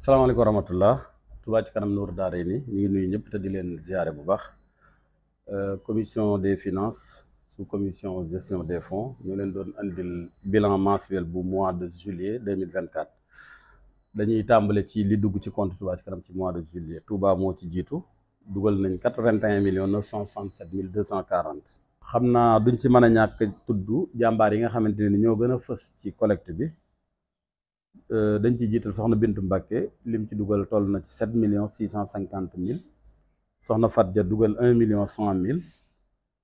salaamaaleykum wa rahmatullah Touba ci kanam Nour Daara ni ñu ngi nuyu ñëpp te di leen ziare bu baax euh, commission des finance su commission gestion des fonds ñu leen doon andil bilan mensuel bu mois de juillet deux mille vingt quatre dañuy tàmbale ci li dugg ci compte Touba ci kanam ci mois de juillet Touba moo ci jiitu dugal nañ quatre vingt et un millions cent soixante mille deux cent quarante. xam naa duñ ci mën a ñàkk tudd jàmbaar yi nga xamante ne ñoo gën a fës ci collecte bi. Euh, dañ ci jiital soxna Bintu Mbàkke lim ci dugal toll na ci sept million six cent cinquante mille soxna Fat Ja dugal un million cent mille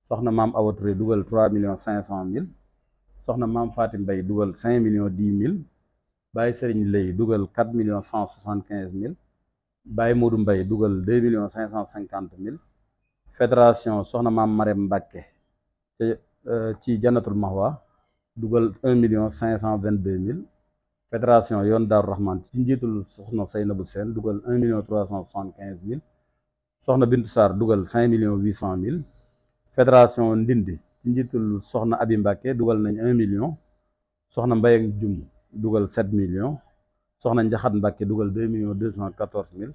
soxna maam Awa Touré dugal trois millions cinq cent mille soxna maam Fatim Mbay dugal cinq millions dix mille Baye Sëriñ Lay dugal quatre million cent soixante quinze mille Baye Modou Mbay dugal deux million cinq cent cinquante mille fédération soxna maam Marème Mbàkke euh, ci Jannatul Mahwa dugal un million cinq cent vingt deux mille fédération yoon Daaru Rahman ci njiitul soxna na bu Sène dugal un million trois cent soixante quinze mille soxna Bintu Sarr dugal cinq millions huit cent mille fédération Ndindi ci njiitul soxna Abi Mbàkke dugal nañ un million soxna Mbayang Jum dugal sept millions soxna Njaxat Mbàkke dugal deux millions deux cent quatorze mille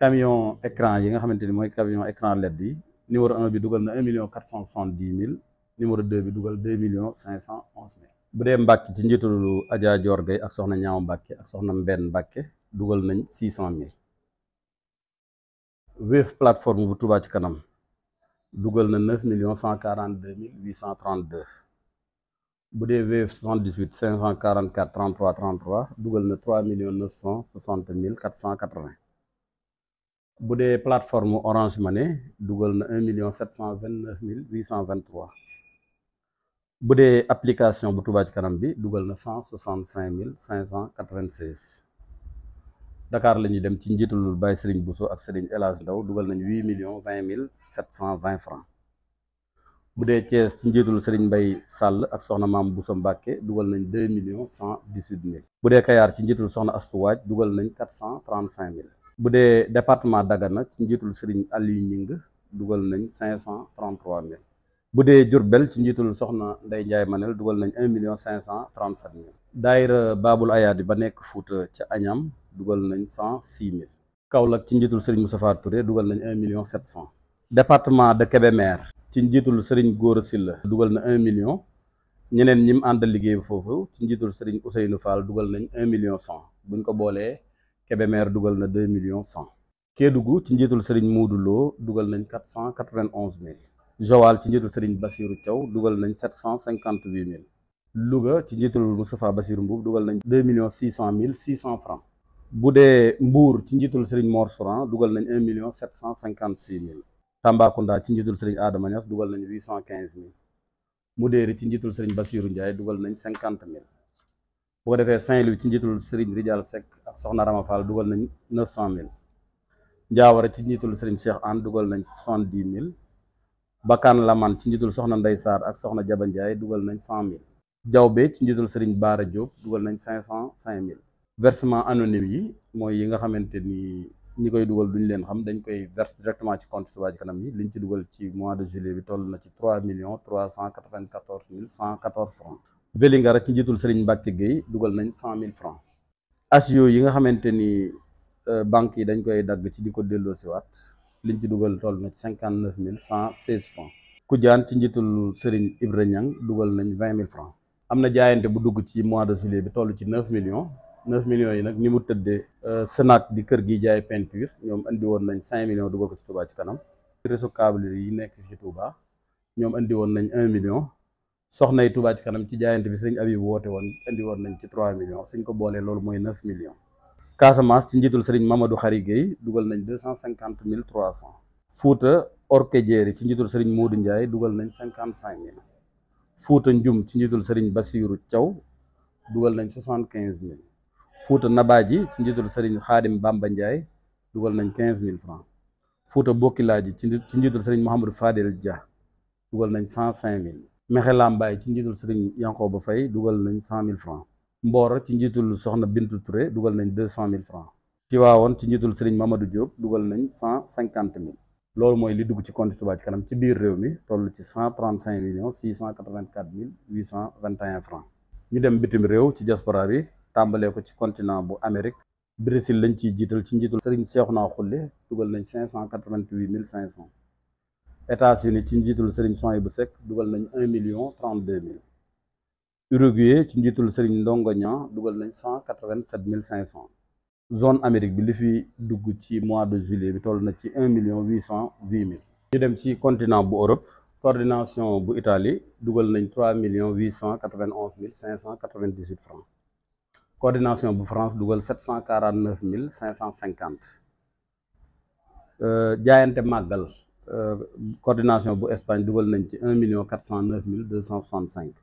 camion écran yi nga xamante ni mooy camion écran LED yi numéro un bi dugal na un million quatre cent soixante dix mille numéro deux bi dugal deux millions cinq cent onze bu dee Mbàkke ci njiitul Adja Dior Gueye ak soxna ñaaw Mbàkke ak soxna Mbenn Mbàkke dugal nañ six cent mille Wave plateforme bu tubaat ci kanam dugal na neuf millions cent quarante deux mille huit cent trente deux bu dee Wave soixante dix huit cinq cent quarante quatre trente trois dugal na trois million neuf cent soixante mille quatre cent quatre vingt bu dee plateforme Orange ne dugal na un million sept cent vingt neuf mille huit cent vingt trois bu dee application bu Touba ci kanam bi dugal na cent soixante cinq mille cinq cent quatre vingt seize Dakar la ñuy dem ci njiitalul Baye Serigne Bousso ak Serigne El Ndaw dugal nañu huit million vingt mille sept cent vingt francs bu dee Thiès ci njiitalul Serigne mbay Sall ak soxna maam Bousso Mbacke dugal nañ deux millions cent dix huit mille bu dee Kayar ci njiitalul soxna Astu Waaj dugal nañ quatre cent trente cinq mille bu dee département Dagana ci njiitalul Serigne Aliou Ñing dugal nañ cinq cent trente trois bu dee Diourbel ci njiitul soxna Ndeye Ndiaye Manel dugal nañ un million cinq cent trente sept mille daayira Baabul Ayaadi ba nekk Fuuta ca Añam dugal nañ cent six mille Kaolack ci njiitul Serigne Moustapha Touré dugal nañ un million sept cent département de Kébémer ci njiitul Serigne Gora Sylla dugal na un million ñeneen ñim àndal liggéey bi foofu ci njiitul Serigne Ousseynou dugal nañ un million cent buñ ko boolee Kébémer dugal na deux millions cent Kédougou ci njiitul Serigne Modou Lo dugal nañ quatre cent quatre vingt onze mille Joal ci njiitul Serigne Bassirou Thiaw dugal nañ sept cent cinquante huit Louga ci njiitul Moustapha Bassirou Mbuub dugal nañ deux millions six cent mille six cent francs bu dee Mbour ci njiitul Serigne Mor Souran dugal nañ un million sept cent cinquante six mille ci njiitul Serigne Adama Niass dugal nañ huit cent quinze mille Mudéeri ci njiitul Serigne Bassirou Ndiaye dugal nañ cinquante mille bu ko defee Saint-Louis ci njiitul Serigne Ridial Seck ak Soxna Rama dugal nañ neuf cent mille Njaawara ci njiitul Serigne Cheikh Anne dugal nañ soixante dix mille Bakkan Laman ci njiitul soxna Ndey Saar ak soxna Jaba Njaay dugal nañ cent mille Jawbe ci njiitul Sëriñ Baara Jóob dugal nañ cinq cent cinq mille versement anonyme yi mooy yi nga xamante ni ñi koy dugal duñ leen xam dañ koy verse directement ci compte Touba Ca Kanam yi liñ ci dugal ci mois de juillet toll na ci trois millions trois cent quatre-vingt-quatorze mille cent quatorze francs Vélingara ci njiitul Sëriñ Mbàkke Guèye dugal nañ cent mille francs asio yi nga xamante ni euh, banques yi dañ koy dagg ci di ko waat liñ ci dugal toll na ci cinquante neuf mille cent seize francs Kujaan ci njiitul Serigne Ibra Niang dugal nañ vingt mille francs am na jaayante bu dugg ci mois de juillet bi toll ci neuf millions neuf millions yi nag ñi mu tëddee euh, Sénac di kër gi jaay peinture ñoom indi woon nañ cinq millions dugal ko ci Touba ci kanam réseau yi nekk ci Touba ñoom andi woon nañ million soxnay Touba ci kanam ci jaayante bi Serigne Abib woote woon indi woon nañ ci trois millions suñ ko boolee loolu mooy neuf million Casamance ci njiitul Serigne Mamadou Khary Guèye dugal nañ deux cent cinquante mille trois cent. Fouta Orkadiéré ci njiitul Serigne Modou Ndiaye dugal nañ cinquante cinq mille. Fouta ci njiitul Serigne Bassirou caw dugal nañ soixante quinze mille. Fouta Nabadji ci njiitul Serigne Khadim Bamba Ndiaye dugal nañ quinze mille francs. Fouta Bokiladji ci njiitul Serigne Mouhamadou Fadel Dia dugal nañ cent cinq mille. Mekhe Lambaye ci njiitul Serigne ba Faye dugal nañ cent mille francs. Mboro ci njiitul soxna Bintu Touré dugal nañ deux cent mille francs Tiwaawoon ci njiitul sëriñ Mamadou Diop dugal nañ cent cinquante mille loolu mooy li dugg ci compte Touba Ca ci biir réew mi toll ci cent trente cinq millions six cent quatre vingt quatre mille huit cent vingt et un francs ñu dem bitim réew ci diaspora bi tàmbalee ko ci continent bu Amérique Brésil lañ ciy jiital ci njiitul sëriñ Seexuna Xulle dugal nañ cinq cent quatre vingt huit mille cinq cent États-Unis ci njiitul sëriñ Sohaybu Sekk dugal nañ un million trente deux mille Uruguay ci njiitul Serigne Ndongo Niang dugal nañ cent quatre-vingt-sept mille cinq cent zone Amérique bi li fi dugg ci mois de juillet bi toll na ci un million huit cent huit mille ñu dem ci continent bu Europe coordination bu Italie dugal nañ trois millions huit cent quatre-vingt-onze mille cinq cent quatre-vingt-dix-huit coordination bu France dugal sept cent quarante-neuf mille cinq cent cinquante euh, jaayante màggal euh, coordination bu Espagne dugal nañ ci un million quatre mille deux cent soixante-cinq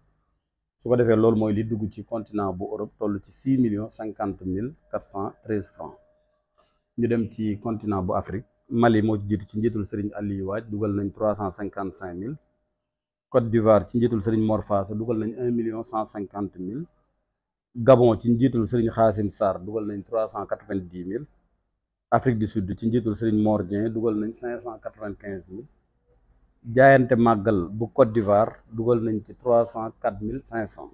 su ko defee loolu mooy li dugg ci continent bu Europe toll ci six millions cinquante mille quatre cent treize francs ñu dem ci continent bu Afrique Mali moo ci jiitu ci njiitul Serigne Aliou dugal nañ trois cent cinquante cinq mille Côte d'Ivoire ci njiitul Serigne Mor Fassé dugal nañ un million cent cinquante mille Gabon ci njiitul Serigne Xaasim Sarr dugal nañ trois cent quatre vingt dix mille Afrique du Sud ci njiitul Serigne Mor Dieng dugal nañ cinq cent quatre quinze mille jaayante màggal bu Côte d'Ivoire dugal nañ ci trois cent quatre mille cinq cent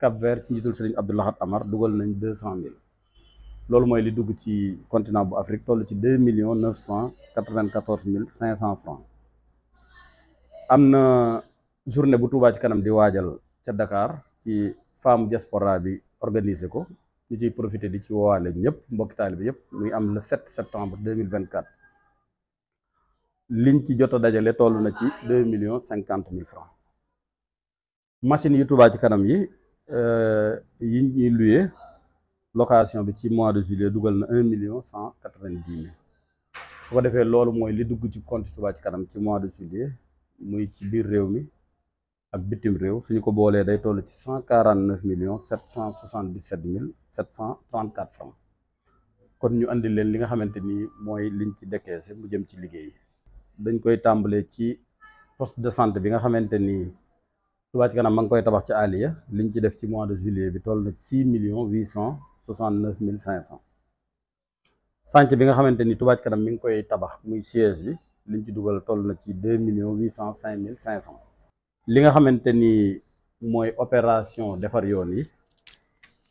Cap Vert ci njiitul Serigne Abdou Lahad Amar dugal nañ deux cent mille loolu mooy li dugg ci continent bu Afrique toll ci deux millions neuf cent quatre vingt mille cinq cent francs am na journée bu Touba ci kanam di waajal ca Dakar ci femme diaspora bi organiser ko ñu ciy profiter di ci woowaale ñëpp mbokki taalibe bi yëpp muy am le 7 septembre 2024 liñ ci jot dajale toll na ci deux million cinquante mille francs machine yu Touba ci kanam yi euh, yi ñuy luye location bi ci mois de juillet dugal na un million cent quatre-vingt-dix mille su ko defee loolu mooy li dugg ci compte Touba ci kanam ci mois de juillet muy ci biir réew mi ak bitim réew su ñu ko boolee day toll ci cent quarante-neuf millions sept cent soixante-dix-sept mille sept cent trente-quatre francs kon ñu indi leen li nga xamante ni mooy liñ ci décaissé mu jëm ci liggéey dañ koy tàmbalee ci poste de santé bi nga xamante ni Touba ci kanam ma ngi koy tabax ci Aliya liñ ci def ci mois de juillet bi toll na six millions huit cent soixante neuf mille cinq cent chantier bi nga xamante ni Touba ci kanam mi ngi koy tabax muy siège bi liñ ci dugal toll na ci deux millions huit cent cinq mille cinq cent li nga xamante ni mooy opération defar yoon yi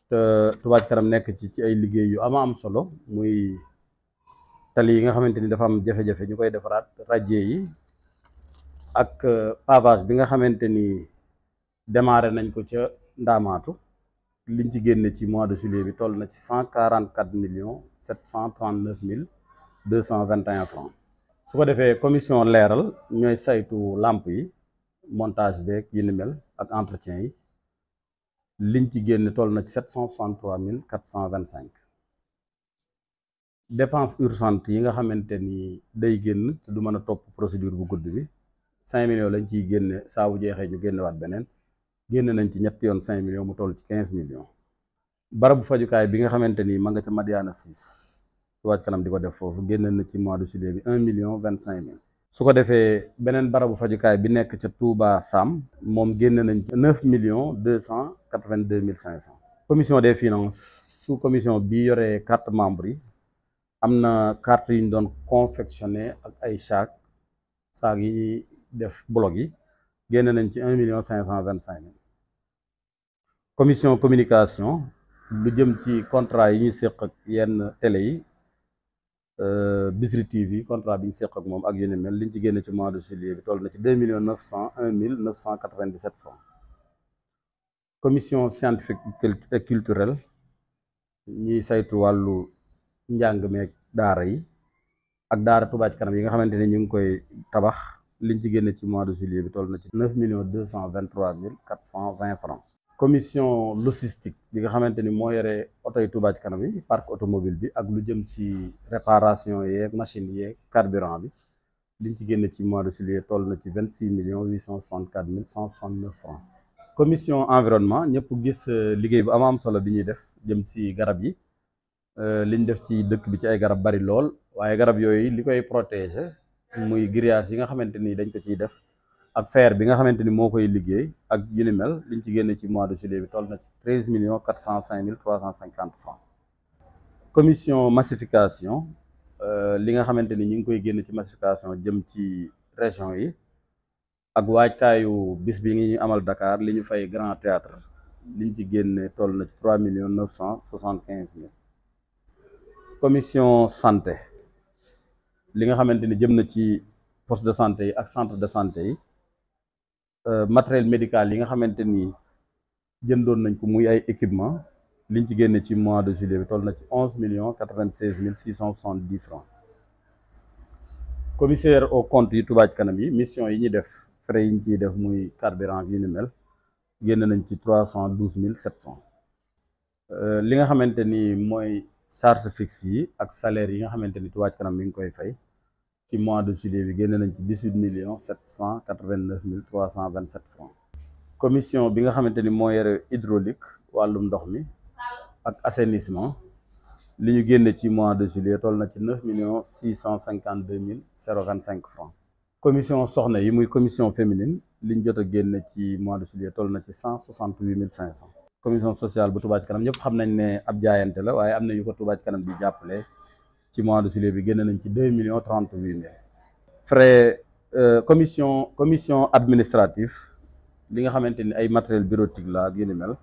te Touba kanam nekk ci ci ay liggéey yu ama am solo muy tali yi nga xamante ni dafa am jafe-jafe ñu koy defaraat radier yi ak euh, pavage bi nga xamante ni démarré nañ ko ca ndaamaatu liñ ci génne ci mois de juillet bi toll na ci cent quarante quatre million sept cent trente neuf mille deux cent vingt et un francs su ko defee commission leeral ñooy saytu làmp yi montage beeg yu ni mel ak entretien yi li liñ ci génne toll na ci sept cent soixante trois mille quatre cent vingt cinq dépense urgente yi nga xamante ni day génn te du mën a topp procédure bu gudd bi cinq millions lañ ciy génne saa jeexee ñu génne waat beneen génn nañ ci ñett yoon cinq millions mu toll ci quinze millions barabu fajukaay bi nga xamante ni ma nga ca Madiana 6 Touba Ca Kanam di ko def foofu génne na ci mois de juillet bi un million vingt cinq mille su ko defee beneen barabu fajukaay bi nekk ca Touba Sam moom génne nañ ci neuf millions deux cent quatre vingt deux mille cinq cent commission des finances sous commission bi yore quatre membres yi am na carte yu ñu doon confectionné ak ay saak saak yi ñuy def blog yi génne nañ ci un million cinq cent vingt cinq commission communication lu jëm ci contrat yi ñuy séq ak yenn tele yi euh, Bichri TV contrat bi ñu séq ak moom ak yu ne mel liñ ci génne ci mois de juillet bi toll na ci deux millions neuf cent un mille neuf cent quatre vingt dix sept francs commission scientifique et culturelle saytu wàllu njàng meeg daara yi ak daara Touba ci kanam yi nga xamante ne ñu ngi koy tabax li liñ ci génne ci mois de juillet bi toll na ci neuf millions deux cent vingt trois mille quatre cent vingt francs commission logistique bi nga xamante ni moo yore oto yi Touba ci kanam yi parc automobile bi ak lu jëm si réparation yeeg machine yeeg carburant bi liñ ci génne ci mois de juillet toll na ci vingt six millions huit cent soixante quatre mille cent soixante neuf francs commission environnement ñëpp gis euh, liggéey bi ama am solo bi ñuy def jëm si garab yi Euh, li ñu def ci dëkk bi ci ay garab bari lool waaye garab yooyu li koy protéger muy grillage yi nga xamante ni dañ ko ciy def ak fer bi nga xamante ni moo koy liggéey ak yu ni mel liñ ci génne ci mois de juillet bi toll na ci treize millions quatre cent cinq mille trois cent cinquante francs commission massification euh, li nga xamante ni ñu ngi koy génne ci massification jëm ci région yi ak waajtaayu bis bi ngi ñu amal Dakar li ñu fay Grand Théâtre ñu ci génne toll na ci trois millions neuf cent soixante quinze commission santé li nga xamante ni jëm na ci poste de santé yi ak centre de santé yi euh, matériel médical yi nga xamante ni jën doon nañ ko muy ay équipement liñ ci génne ci mois de juillet bi na ci onze millions quatre-vingt-seize mille six cent soixante-dix francs commissaire au compte Kanam yi mission yi ñuy def frais yi ciy def muy carburant yu ni nañ ci trois cent douze mille sept cent euh, li nga xamante ni mooy charge fixe yi ak salaire yi nga xamante ni Touba Ca Kanam mi ngi koy fay ci mois de juillet bi génne nañ ci dix huit millions sept cent quatre vingt neuf mille trois cent vingt sept francs commission bi nga xamante ni moo yore hydraulique wàllum ndox mi ak assainissement li ñu génne ci mois de juillet toll na ci neuf millions six cent cinquante deux mille zéro vingt cinq francs commission soxna yi muy commission féminine li ñu jot a génne ci mois de juillet toll na ci cent soixante huit mille cinq cent commission sociale bu Touba ci kanam ñëpp xam nañ ne ab jaayante la waaye am na ñu ko Touba ci kanam di jàppale ci mois de juillet bi génn nañ ci deux millions trente huit mille frais euh, commission commission administrative li nga xamante ni ay matériel bureautique la ak yu mel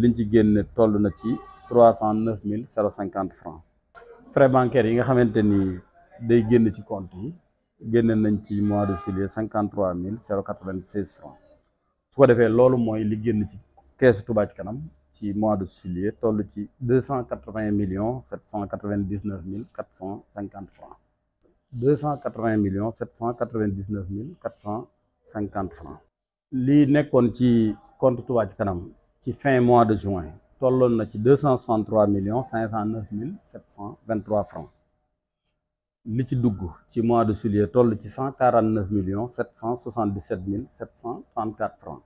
liñ ci génn toll na ci trois cent neuf mille zéro cinquante francs frais bancaires yi nga xamante ni day génn ci compte yi génne nañ ci mois de juillet cinquante trois mille zéro quatre vingt seize francs su ko defee loolu mooy li génn ci keesu Touba kanam ci mois de juillet toll ci deux cent quatre-vingts millions sept cent quatre-vingt-dix-neuf mille quatre cent cinquante francs deux cent quatre-vingts millions sept cent quatre vingt dix mille quatre cent cinquante francs lii nekkoon ci compte Touba kanam ci fin mois de juin tolloon na ci deux cent soixante-trois millions cinq mille sept cent vingt-trois francs li ci dugg ci mois de juillet toll ci cent quarante neuf millions sept cent soixante dix sept mille sept cent trente quatre francs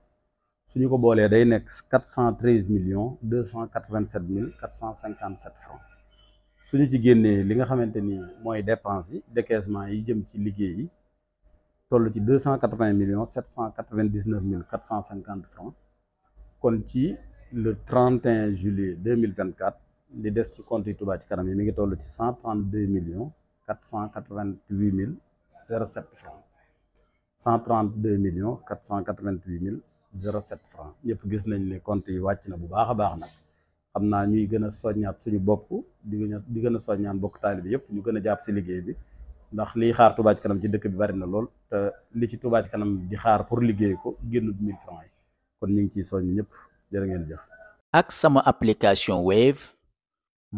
su ñu ko boolee day nekk quatre cent treize millions deux cent quatre vingt sept mille quatre cent cinquante sept francs ñu ci génnee li nga xamante ni mooy dépenses yi décaissement yi jëm ci liggéey yi toll ci deux cent quatre vingt millions sept cent quatre vingt dix mille quatre cent cinquante francs kon ci le 31 juillet 2024 li des ci compte yi Touba ci kanam yi mi ngi toll ci cent trente deux millions quatre cent quatre vingt huit mille zéro sept francs cent trente deux millions quatre cent quatre vingt huit mille zéro sept franc ñëpp gis nañ ne compte wàcc na bu baax a baax nag xam naa ñuy gën a soññaat suñu bopp di gën a di gën a soññaan bokk taalibe yëpp ñu gën a jàpp si liggéey bi ndax liy xaar Touba Kanam ci dëkk bi bari na lool te li ci Touba Ca Kanam di xaar pour liggéey ko génnut mille franc kon ñu ngi ciy soññ ñëpp jërë ngeen jëf. ak sama application Wave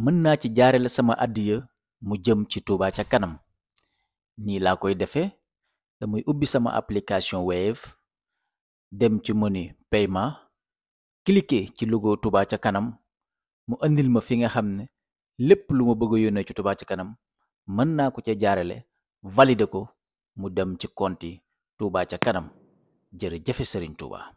mën naa ci jaarale sama addiya mu jëm ci Touba Ca Kanam nii laa koy defee damay ubbi sama application Wave dem ci moni paiement cliquer ci logo Touba ca kanam mu andil ma fi nga xam ne lépp lu ma bëgg a yónnee ci Touba ca kanam mën naa ko ca jaarale valider ko mu dem ci konti Touba ca kanam jërëjëf Serigne Touba.